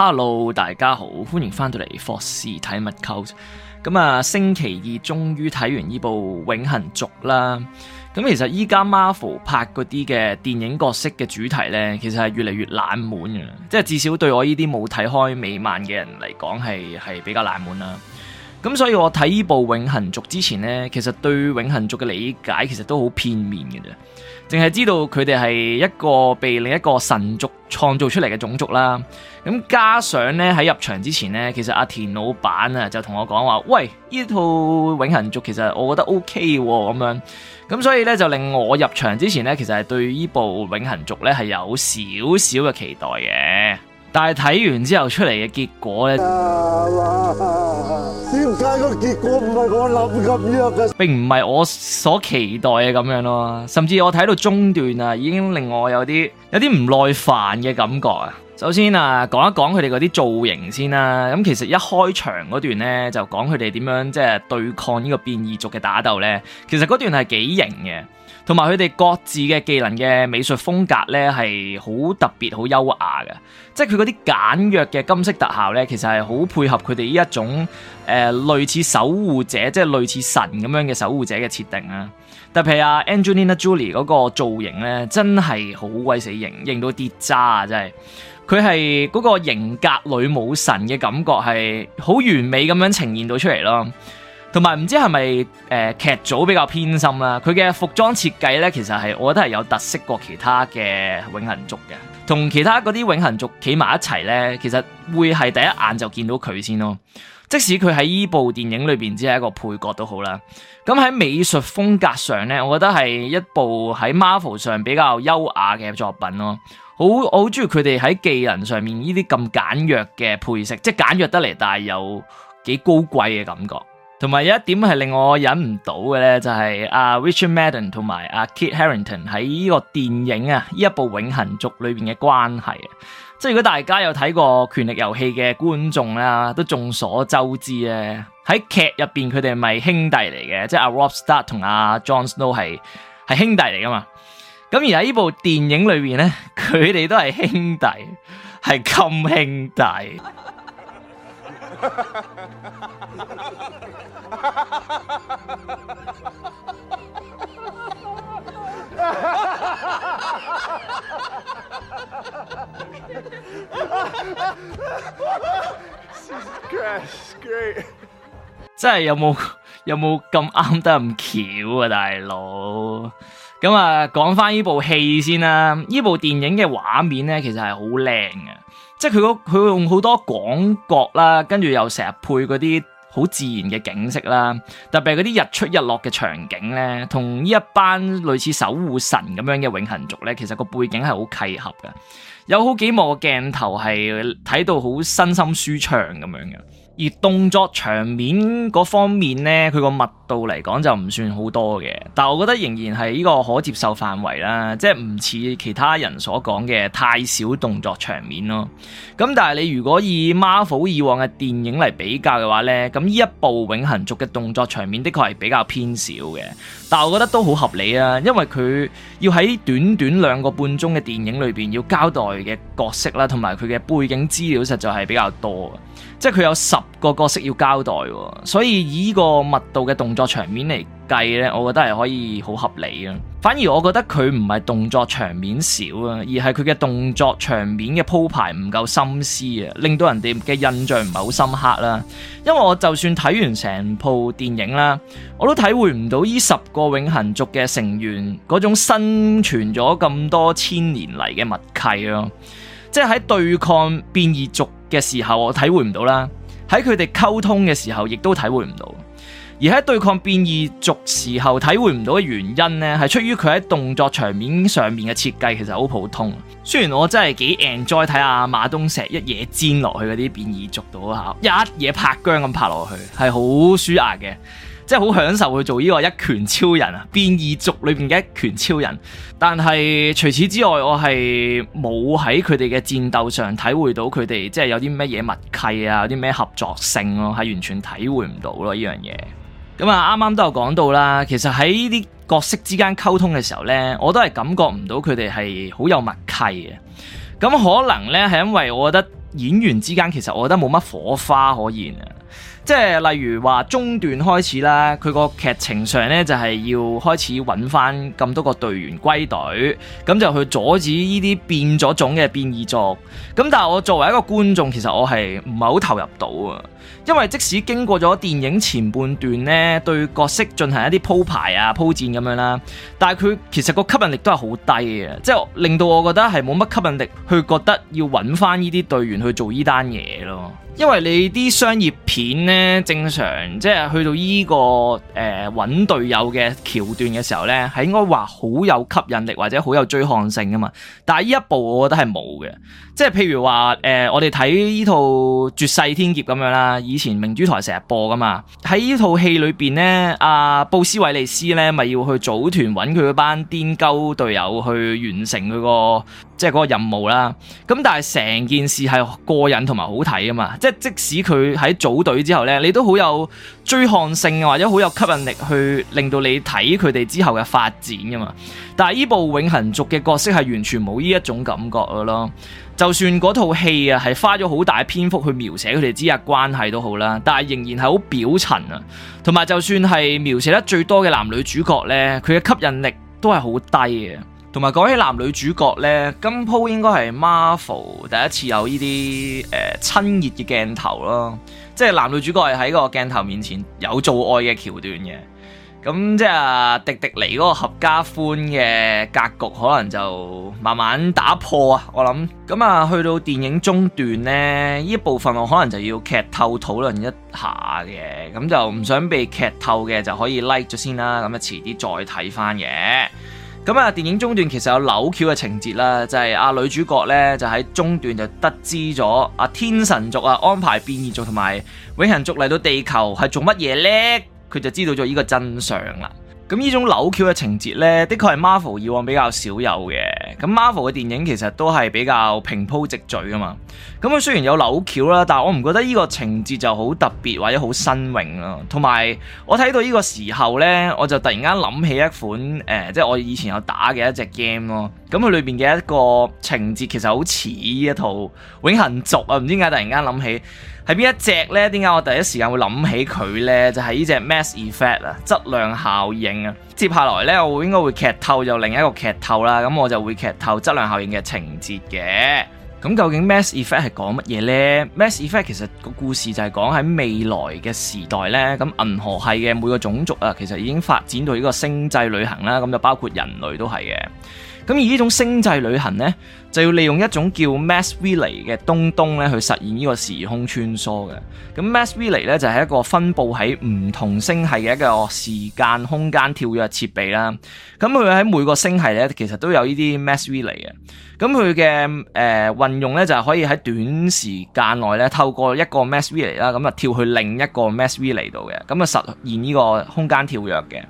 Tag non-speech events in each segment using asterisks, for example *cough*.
Hello 大家好，歡迎翻到嚟《霍士睇物購》。咁啊，星期二終於睇完呢部《永恒族》啦。咁其實依家 Marvel 拍嗰啲嘅電影角色嘅主題呢，其實係越嚟越冷門嘅，即係至少對我呢啲冇睇開美漫嘅人嚟講，係係比較冷門啦。咁所以我睇依部《永恆族》之前呢，其實對《永恆族》嘅理解其實都好片面嘅啫，淨係知道佢哋係一個被另一個神族創造出嚟嘅種族啦。咁加上呢，喺入場之前呢，其實阿田老闆啊就同我講話：「喂，依套《永恆族》其實我覺得 OK 喎」，咁樣。咁所以呢，就令我入場之前呢，其實係對依部《永恆族》呢係有少少嘅期待嘅。但係睇完之後出嚟嘅結果咧，個結果唔係我諗咁樣嘅，並唔係我所期待嘅咁樣咯，甚至我睇到中段啊，已經令我有啲有啲唔耐煩嘅感覺啊。首先啊，講一講佢哋嗰啲造型先啦。咁其實一開場嗰段咧，就講佢哋點樣即係對抗呢個變異族嘅打鬥咧，其實嗰段係幾型嘅。同埋佢哋各自嘅技能嘅美術風格呢係好特別、好優雅嘅。即係佢嗰啲簡約嘅金色特效呢，其實係好配合佢哋呢一種誒、呃、類似守護者，即係類似神咁樣嘅守護者嘅設定啊。特別係阿 Angelina Jolie 嗰個造型呢，真係好鬼死型，型到跌渣啊！真係佢係嗰個型格女武神嘅感覺係好完美咁樣呈現到出嚟咯。同埋唔知係咪誒劇組比較偏心啦、啊？佢嘅服裝設計呢，其實係我覺得係有特色過其他嘅永恆族嘅。同其他嗰啲永恆族企埋一齊呢，其實會係第一眼就見到佢先咯。即使佢喺呢部電影裏邊只係一個配角都好啦。咁喺美術風格上呢，我覺得係一部喺 Marvel 上比較優雅嘅作品咯。好，我好中意佢哋喺技能上面呢啲咁簡約嘅配色，即係簡約得嚟，但係有幾高貴嘅感覺。同埋有一點係令我忍唔到嘅咧，就係、是、啊 Richard Madden 同埋啊 Kit Harington 喺呢個電影啊呢一部《永恆族》裏邊嘅關係、啊。即係如果大家有睇過《權力遊戲》嘅觀眾啦、啊，都眾所周知咧、啊。喺劇入邊佢哋咪兄弟嚟嘅，即係啊 Robb Stark 同阿、啊、Jon Snow 係係兄弟嚟噶嘛。咁而喺呢部電影裏邊咧，佢哋都係兄弟，係襟兄弟。 *laughs* 真係 ess Yan es *noise* 有冇有冇咁啱得咁巧啊，大佬！咁啊，講翻呢部戲先啦。呢部電影嘅畫面咧，其實係好靚嘅，即係佢佢用好多廣角啦，跟住又成日配嗰啲。好自然嘅景色啦，特別係嗰啲日出日落嘅場景咧，同呢一班類似守護神咁樣嘅永恆族咧，其實個背景係好契合嘅，有好幾幕嘅鏡頭係睇到好身心舒暢咁樣嘅。而動作場面嗰方面呢，佢個密度嚟講就唔算好多嘅，但我覺得仍然係呢個可接受範圍啦，即係唔似其他人所講嘅太少動作場面咯。咁但係你如果你以 Marvel 以往嘅電影嚟比較嘅話呢，咁呢一部《永恆族》嘅動作場面的確係比較偏少嘅，但我覺得都好合理啊，因為佢要喺短短兩個半鐘嘅電影裏邊要交代嘅角色啦，同埋佢嘅背景資料實在係比較多，即係佢有十個角色要交代，所以以呢個密度嘅動作場面嚟計呢，我覺得係可以好合理啊。反而我覺得佢唔係動作場面少啊，而係佢嘅動作場面嘅鋪排唔夠深思啊，令到人哋嘅印象唔係好深刻啦。因為我就算睇完成部電影啦，我都體會唔到呢十個永恆族嘅成員嗰種生存咗咁多千年嚟嘅默契咯，即係喺對抗變異族嘅時候，我體會唔到啦。喺佢哋溝通嘅時候，亦都體會唔到；而喺對抗變異族時候體會唔到嘅原因呢，係出於佢喺動作場面上面嘅設計其實好普通。雖然我真係幾 enjoy 睇下馬東石一嘢煎落去嗰啲變異族到，嗰一嘢拍薑咁拍落去，係好舒壓嘅。即係好享受去做呢個一拳超人啊，變異族裏邊嘅一拳超人。但係除此之外，我係冇喺佢哋嘅戰鬥上體會到佢哋即係有啲乜嘢默契啊，有啲咩合作性咯、啊，係完全體會唔到咯呢樣嘢。咁啊，啱啱都有講到啦。其實喺呢啲角色之間溝通嘅時候呢，我都係感覺唔到佢哋係好有默契嘅。咁可能呢，係因為我覺得演員之間其實我覺得冇乜火花可言啊。即係例如話中段開始啦，佢個劇情上咧就係要開始搵翻咁多個隊員歸隊，咁就去阻止呢啲變咗種嘅變異作。咁但係我作為一個觀眾，其實我係唔係好投入到啊，因為即使經過咗電影前半段咧，對角色進行一啲鋪排啊、鋪墊咁樣啦，但係佢其實個吸引力都係好低嘅，即係令到我覺得係冇乜吸引力去覺得要搵翻呢啲隊員去做呢單嘢咯，因為你啲商業片咧。正常即係去到依、這個誒搵隊友嘅橋段嘅時候咧，係應該話好有吸引力或者好有追看性噶嘛。但係呢一部我覺得係冇嘅，即係譬如話誒、呃、我哋睇呢套絕世天劫咁樣啦，以前明珠台成日播噶嘛。喺呢套戲裏邊咧，阿、啊、布斯韋利斯咧咪要去組團揾佢班癲鳩隊友去完成佢、嗰個即係個任務啦。咁但係成件事係過癮同埋好睇噶嘛，即係即使佢喺組隊之後。誒，你都好有追看性，或者好有吸引力，去令到你睇佢哋之後嘅發展噶嘛？但係呢部《永恆族》嘅角色係完全冇呢一種感覺噶咯。就算嗰套戲啊，係花咗好大篇幅去描寫佢哋之間關係都好啦，但係仍然係好表層啊。同埋，就算係描寫得最多嘅男女主角呢，佢嘅吸引力都係好低嘅。同埋，講起男女主角呢，今鋪應該係 Marvel 第一次有呢啲誒親熱嘅鏡頭咯。即係男女主角係喺個鏡頭面前有做愛嘅橋段嘅，咁即係迪迪尼嗰個合家歡嘅格局可能就慢慢打破啊！我諗咁啊，去到電影中段呢，呢一部分我可能就要劇透討論一下嘅，咁就唔想被劇透嘅就可以 like 咗先啦，咁啊遲啲再睇翻嘅。咁啊，電影中段其實有扭橋嘅情節啦，就係、是、啊女主角咧就喺中段就得知咗啊天神族啊安排變異族同埋永恆族嚟到地球係做乜嘢咧，佢就知道咗依個真相啦。咁依種扭橋嘅情節咧，的確係 Marvel 以往比較少有嘅。咁 Marvel 嘅電影其實都係比較平鋪直敘啊嘛，咁佢雖然有扭橋啦，但我唔覺得呢個情節就好特別或者好新穎咯。同埋我睇到呢個時候呢，我就突然間諗起一款誒、呃，即係我以前有打嘅一隻 game 咯。咁佢裏邊嘅一個情節其實好似呢一套《永恆族》啊，唔知點解突然間諗起，係邊一隻呢？點解我第一時間會諗起佢呢？就係呢隻《Mass Effect》啊，質量效應啊。接下來呢，我應該會劇透就另一個劇透啦。咁我就會劇透質量效應嘅情節嘅。咁究竟《Mass Effect》係講乜嘢呢？《Mass Effect》其實個故事就係講喺未來嘅時代呢。咁銀河系嘅每個種族啊，其實已經發展到呢個星際旅行啦。咁就包括人類都係嘅。咁而呢種星際旅行咧，就要利用一種叫 Mass Relay 嘅東東咧，去實現呢個時空穿梭嘅。咁 Mass Relay 咧就係一個分佈喺唔同星系嘅一個時間空間跳躍設備啦。咁佢喺每個星系咧，其實都有呢啲 Mass Relay 嘅。咁佢嘅誒運用咧就係可以喺短時間內咧，透過一個 Mass Relay 啦，咁啊跳去另一個 Mass Relay 度嘅，咁啊實現呢個空間跳躍嘅。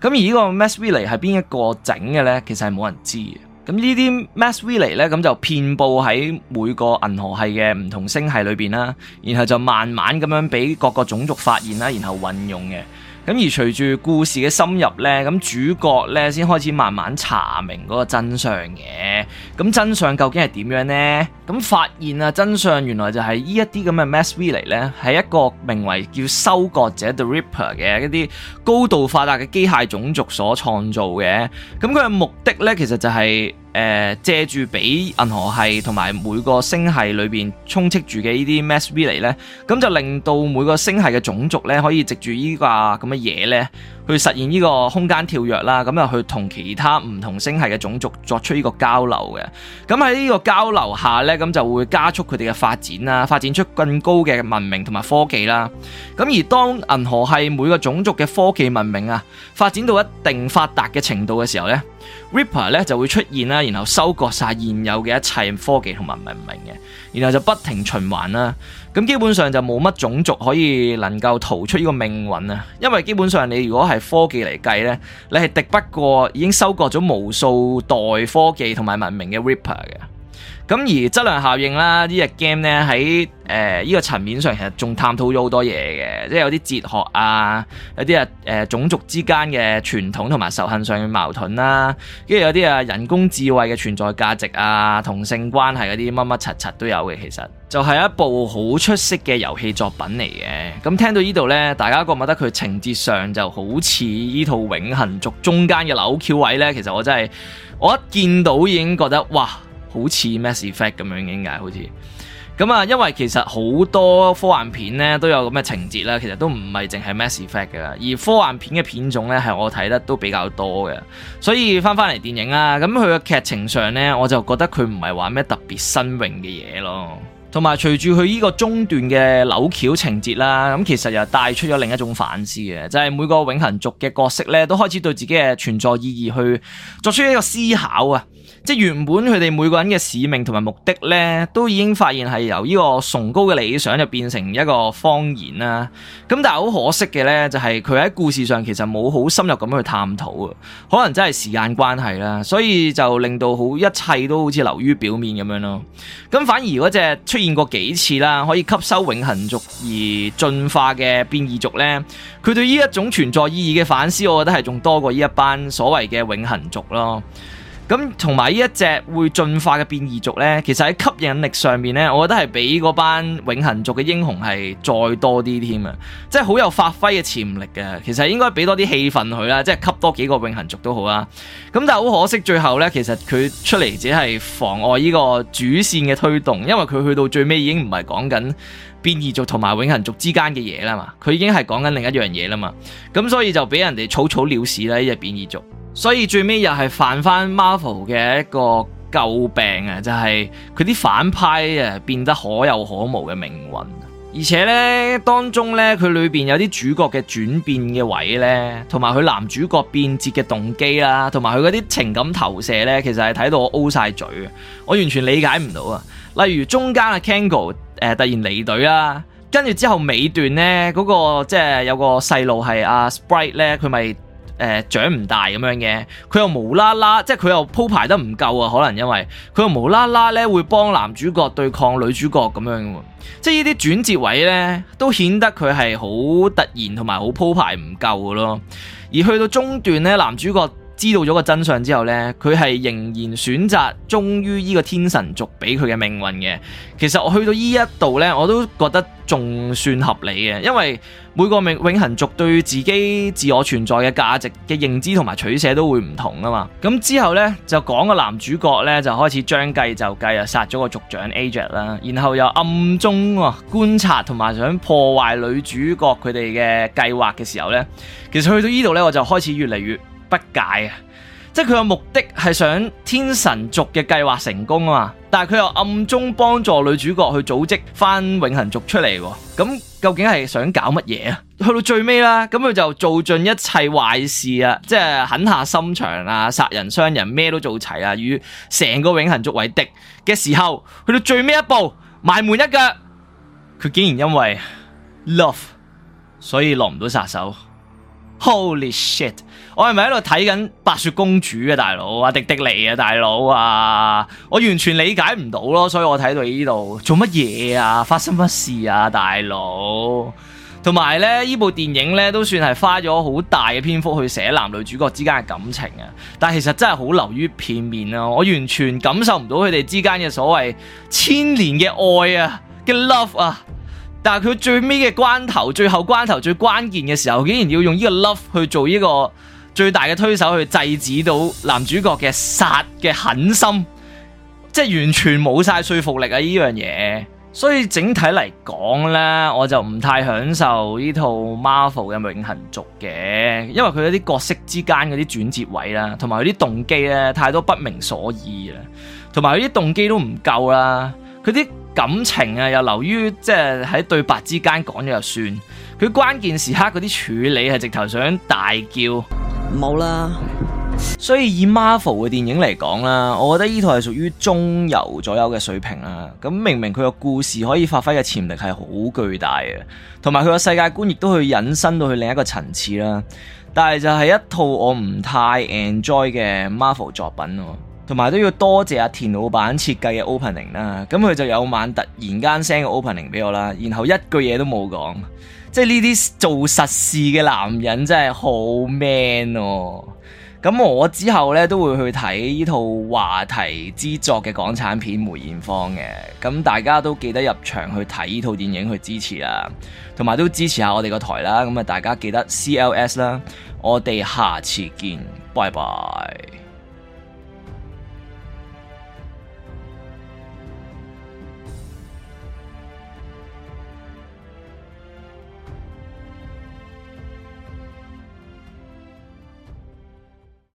咁而呢個 Mass Relay 係邊一個整嘅咧？其實係冇人知嘅。咁呢啲 mass relay 咧，咁就遍布喺每個銀河系嘅唔同星系裏邊啦，然後就慢慢咁樣俾各個種族發現啦，然後運用嘅。咁而隨住故事嘅深入咧，咁主角咧先開始慢慢查明個真相嘅。咁真相究竟係點樣呢？咁發現啊，真相原來就係呢一啲咁嘅 Mass Relay 呢，係一個名為叫收割者 The Ripper 嘅一啲高度發達嘅機械種族所創造嘅。咁佢嘅目的呢，其實就係誒借住俾銀河系同埋每個星系裏邊充斥住嘅呢啲 Mass Relay 呢，咁就令到每個星系嘅種族呢，可以藉住呢個咁嘅嘢呢，去實現呢個空間跳躍啦，咁又去同其他唔同星系嘅種族作出呢個交流嘅。咁喺呢個交流下呢，咁就會加速佢哋嘅發展啦，發展出更高嘅文明同埋科技啦。咁而當銀河系每個種族嘅科技文明啊，發展到一定發達嘅程度嘅時候呢。Ripper 咧就會出現啦，然後收割曬現有嘅一切科技同埋文明嘅，然後就不停循環啦。咁基本上就冇乜種族可以能夠逃出呢個命運啊！因為基本上你如果係科技嚟計咧，你係敵不過已經收割咗無數代科技同埋文明嘅 Ripper 嘅。咁而質量效應啦，這個、呢隻 game 呢喺誒呢個層面上，其實仲探討咗好多嘢嘅，即係有啲哲學啊，有啲啊誒種族之間嘅傳統同埋仇恨上嘅矛盾啦、啊，跟住有啲啊人工智慧嘅存在價值啊，同性關係嗰啲乜乜柒柒都有嘅。其實就係一部好出色嘅遊戲作品嚟嘅。咁聽到呢度呢，大家覺唔覺得佢情節上就好似呢套永恆族中間嘅扭橋位呢？其實我真係我一見到已經覺得哇！好似 Mass Effect 咁樣嘅，應該好似咁啊，因為其實好多科幻片咧都有咁嘅情節啦，其實都唔係淨係 Mass Effect 嘅，而科幻片嘅片種呢，係我睇得都比較多嘅，所以翻翻嚟電影啦，咁佢嘅劇情上呢，我就覺得佢唔係話咩特別新穎嘅嘢咯，同埋隨住佢呢個中段嘅扭橋情節啦，咁其實又帶出咗另一種反思嘅，就係每個永恆族嘅角色呢，都開始對自己嘅存在意義去作出一個思考啊。即原本佢哋每個人嘅使命同埋目的呢，都已經發現係由呢個崇高嘅理想就變成一個謊言啦。咁但係好可惜嘅呢，就係佢喺故事上其實冇好深入咁樣去探討啊。可能真係時間關係啦，所以就令到好一切都好似流於表面咁樣咯。咁反而嗰隻出現過幾次啦，可以吸收永恆族而進化嘅變異族呢，佢對呢一種存在意義嘅反思，我覺得係仲多過呢一班所謂嘅永恆族咯。咁同埋呢一隻會進化嘅變異族呢，其實喺吸引力上面呢，我覺得係比嗰班永恆族嘅英雄係再多啲添啊！即係好有發揮嘅潛力嘅，其實應該俾多啲戲份佢啦，即係吸多幾個永恆族都好啦。咁但係好可惜，最後呢，其實佢出嚟只係妨礙呢個主線嘅推動，因為佢去到最尾已經唔係講緊變異族同埋永恆族之間嘅嘢啦嘛，佢已經係講緊另一樣嘢啦嘛。咁所以就俾人哋草草了事啦，呢隻變異族。所以最尾又係犯翻 Marvel 嘅一個詬病啊，就係佢啲反派啊變得可有可無嘅命運。而且咧當中咧佢裏邊有啲主角嘅轉變嘅位咧，同埋佢男主角變節嘅動機啦，同埋佢嗰啲情感投射咧，其實係睇到我 O 晒嘴啊！我完全理解唔到啊。例如中間阿 Kingo 誒突然離隊啊，跟住之後尾段咧嗰、那個即係有個細路係阿、啊、Sprite 咧，佢咪。誒、呃、長唔大咁樣嘅，佢又無啦啦，即係佢又鋪排得唔夠啊！可能因為佢又無啦啦咧，會幫男主角對抗女主角咁樣喎，即係呢啲轉折位咧，都顯得佢係好突然同埋好鋪排唔夠嘅咯。而去到中段咧，男主角，知道咗個真相之後呢，佢係仍然選擇忠於呢個天神族俾佢嘅命運嘅。其實我去到呢一度呢，我都覺得仲算合理嘅，因為每個永恆族對自己自我存在嘅價值嘅認知同埋取捨都會唔同吖嘛。咁之後呢，就講個男主角呢，就開始將計就計啊，殺咗個族長 Ajak 啦，然後又暗中觀察同埋想破壞女主角佢哋嘅計劃嘅時候呢，其實去到呢度呢，我就開始越嚟越。不解啊！即係佢嘅目的係想天神族嘅計劃成功啊嘛，但係佢又暗中幫助女主角去組織翻永恆族出嚟。咁究竟係想搞乜嘢啊？去到最尾啦，咁佢就做盡一切壞事啊！即係狠下心腸啊，殺人傷人咩都做齊啊，與成個永恆族為敵嘅時候，去到最尾一步，埋門一腳，佢竟然因為 love，所以落唔到殺手。Holy shit！我係咪喺度睇緊白雪公主啊，大佬啊，迪迪尼啊，大佬啊，我完全理解唔到咯，所以我睇到呢度做乜嘢啊？發生乜事啊，大佬？同埋呢呢部電影呢，都算係花咗好大嘅篇幅去寫男女主角之間嘅感情啊，但係其實真係好流於片面咯，啊，我完全感受唔到佢哋之間嘅所謂千年嘅愛啊，嘅 love 啊！但係佢最尾嘅關頭，最後關頭，最關鍵嘅時候，竟然要用呢個 love 去做呢個最大嘅推手去制止到男主角嘅殺嘅狠心，即係完全冇晒說服力啊！呢樣嘢，所以整體嚟講呢，我就唔太享受呢套 Marvel 嘅永恆族嘅，因為佢啲角色之間嗰啲轉折位啦，同埋佢啲動機咧太多不明所以啦，同埋佢啲動機都唔夠啦，佢啲。感情啊，又流於即係喺對白之間講咗就算，佢關鍵時刻嗰啲處理係直頭想大叫冇啦。了所以以 Marvel 嘅電影嚟講啦，我覺得呢套係屬於中游左右嘅水平啦。咁明明佢個故事可以發揮嘅潛力係好巨大嘅，同埋佢個世界觀亦都去引申到去另一個層次啦。但係就係一套我唔太 enjoy 嘅 Marvel 作品咯。同埋都要多謝阿田老闆設計嘅 opening 啦，咁佢就有晚突然間 send 個 opening 俾我啦，然後一句嘢都冇講，即係呢啲做實事嘅男人真係好 man 哦！咁我之後呢，都會去睇呢套話題之作嘅港產片《梅艷芳》嘅，咁大家都記得入場去睇呢套電影去支持啦，同埋都支持下我哋個台啦，咁啊大家記得 CLS 啦，我哋下次見，拜拜。